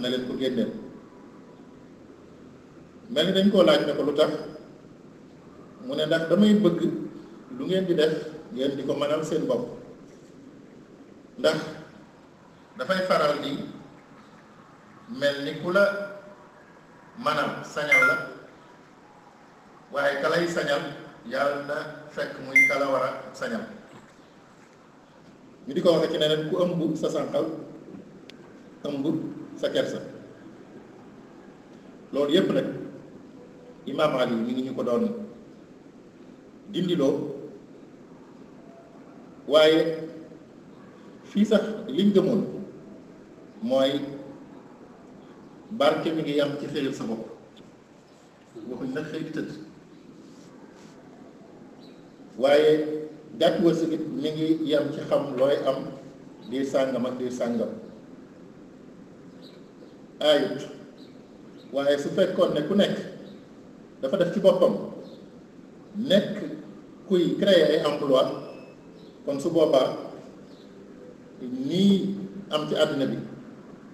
na leen ko génneel mel ni dañ koo laaj ne ko lu tax mu ne ndax damay bëgg lu ngeen di def ngeen di ko mënal seen bopp ndax dafay faral di mel ni ku la mënal sañal la waaye ka lay sañal yàlla na fekk muy kala war a sañal ñu di ko waxee ci neneen ku ëmb sa sànqal ëmb sa kersa loolu yépp nag imaam Ali mi ngi ñu ko doon dindiloo waaye fii sax liñ gëmoon mooy barke mi ngi yam ci xëyal sa bopp waxuñ nag xëy di tëdd waaye gàtt wërsëg mi ngi yam ci xam looy am diir sàngam ak diir sàngam aayut waaye su fekkoon ne ku nekk dafa def ci boppam nekk kuy créer ay emploi kon su boobaa nii am ci àdduna bi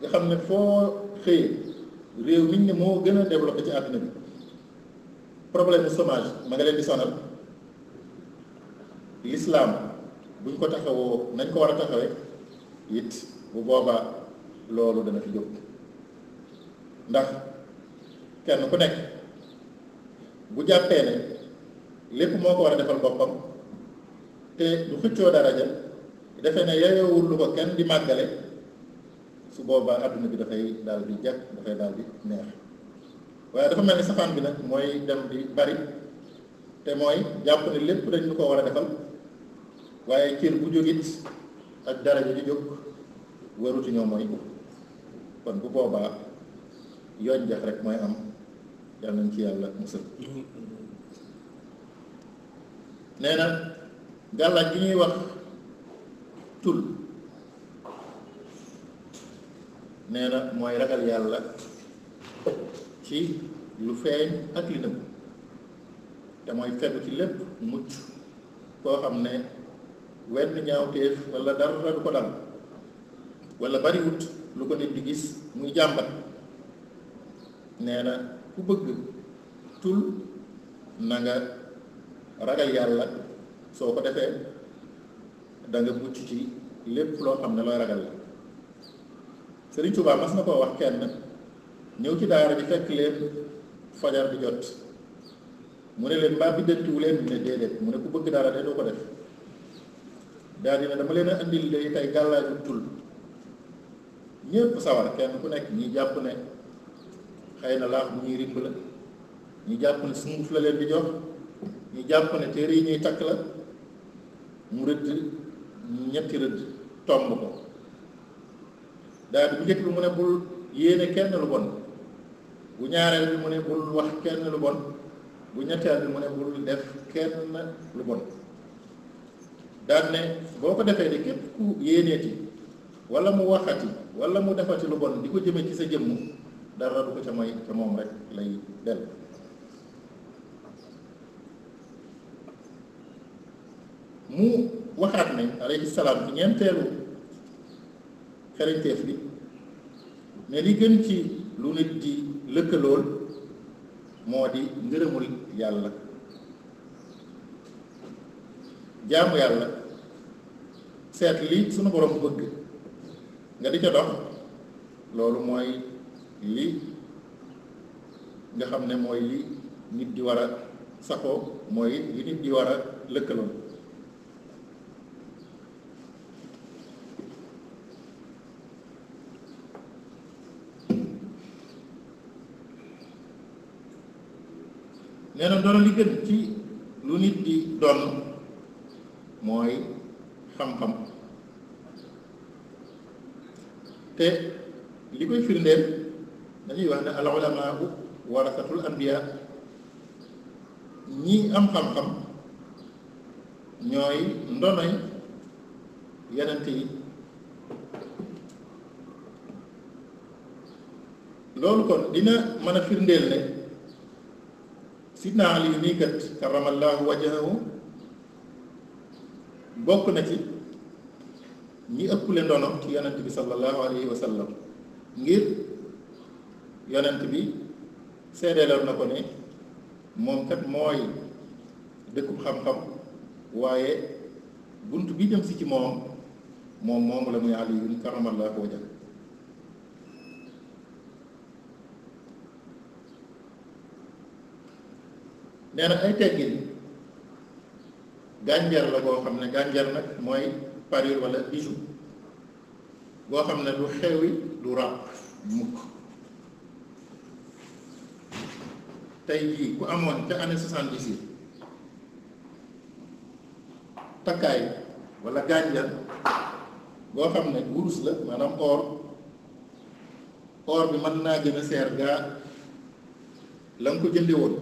nga xam ne foo xëyee réew mi ne moo gën a développé ci àdduna bi problème chômage ma nga leen di sonal l'islam buñ ko taxawoo nañ ko war a taxawee it bu boobaa loolu dana fi jóg ndax kenn ku nekk bu jàppee ne lépp moo ko war a defal boppam te du xëccoo daraja defe ne yeyowul lu ko kenn di màggale su boobaa àdduna bi dafay daal di jekk dafay daal di neex waaye dafa mel ni safaan bi nag mooy dem di bari te mooy jàpp ne lépp dañ ko war a defal waaye cër bu jógit ak daraja di jóg waru mooy kon bu boobaa yoon jax rek mooy am yal nañ ci yàlla musal nee na gàllaaj bi ñuy wax tul nee na mooy ragal yàlla ci lu feeñ ak li nëbb te mooy fegu ci lépp mucc koo xam ne wenn ñaawteef wala dara du ko dal wala bariwut lu ko nit di gis muy jàmbat nee na ku bëgg tul na nga ragal yàlla soo ko defee da nga mucc ci lépp loo xam ne looy ragal la Sëriñ Tuubaa mas na koo wax kenn ñëw ci daara bi fekk leen fajar bi jot mu ne leen mbaa biddantiwu leen mu ne déedéet mu ne ku bëgg dara de doo ko def daal di ne dama leen a andil day tey gàllaaju tul ñépp sawar kenn ku nekk ñi jàpp ne xëy na laax mu ñuy rimb la ñu jàpp ne sunguf la leen di jox ñu jàpp ne téere yi ñuy takk la mu rëdd ñetti rëdd tomb ko daal bu njëkk bi mu ne bul yéene kenn lu bon bu ñaareel bi mu ne bul wax kenn lu bon bu ñetteel bi mu ne bul def kenn lu bon daan ne boo ko defee de képp ku yéeneeti wala mu waxati wala mu defati lu bon di ko jëme ci sa jëmm dara du ko ca mooy ca moom rek lay dellu mu waxaat ni alayhi salaam ci ñeenteelu xarañteef bi ne li gën ci lu nit di lëkkalool moo di ngërëmul yàlla jaamu yàlla seet li sunu borom bëgg nga di ca dox loolu mooy li nga xam ne mooy li nit di war a saxoo mooy li nit di war a lëkkaloon nee na doon li gën ci lu nit di doon mooy xam-xam te li koy firndeel dañuy wax ne al ulamaa warasatul anbiya ñii am xam-xam ñooy ndonoy yonent yi loolu kon dina mën a firndeel ne sidna yu nii kat karamallahu bokk na ci ñi ëpple ndono ci yenent bi sallallahu alayhi wa ngir yonent bi seedeeloon na ko ne moom kat mooy dëkkub xam-xam waaye bunt bi jëm si ci moom moom moomu la muy Aliyun karamallahu wajhah nee na ay teggin gànjar la boo xam ne gànjar nag mooy parure wala bijou boo xam ne du xewi du ràpp mukk tey jii ku amoon ca année soixante-dix yi takkaay wala gànjar boo xam ne wurus la maanaam or or bi mën naa gën a seer gaa la nga ko jënde woon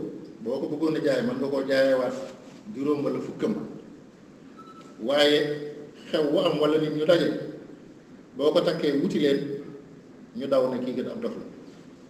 boo ko bëggoon a jaay mën nga koo jaayewaat juróom wala fukkam waaye xew wu am wala nit ñu daje boo ko takkee wuti leen ñu daw ne kii gën a am la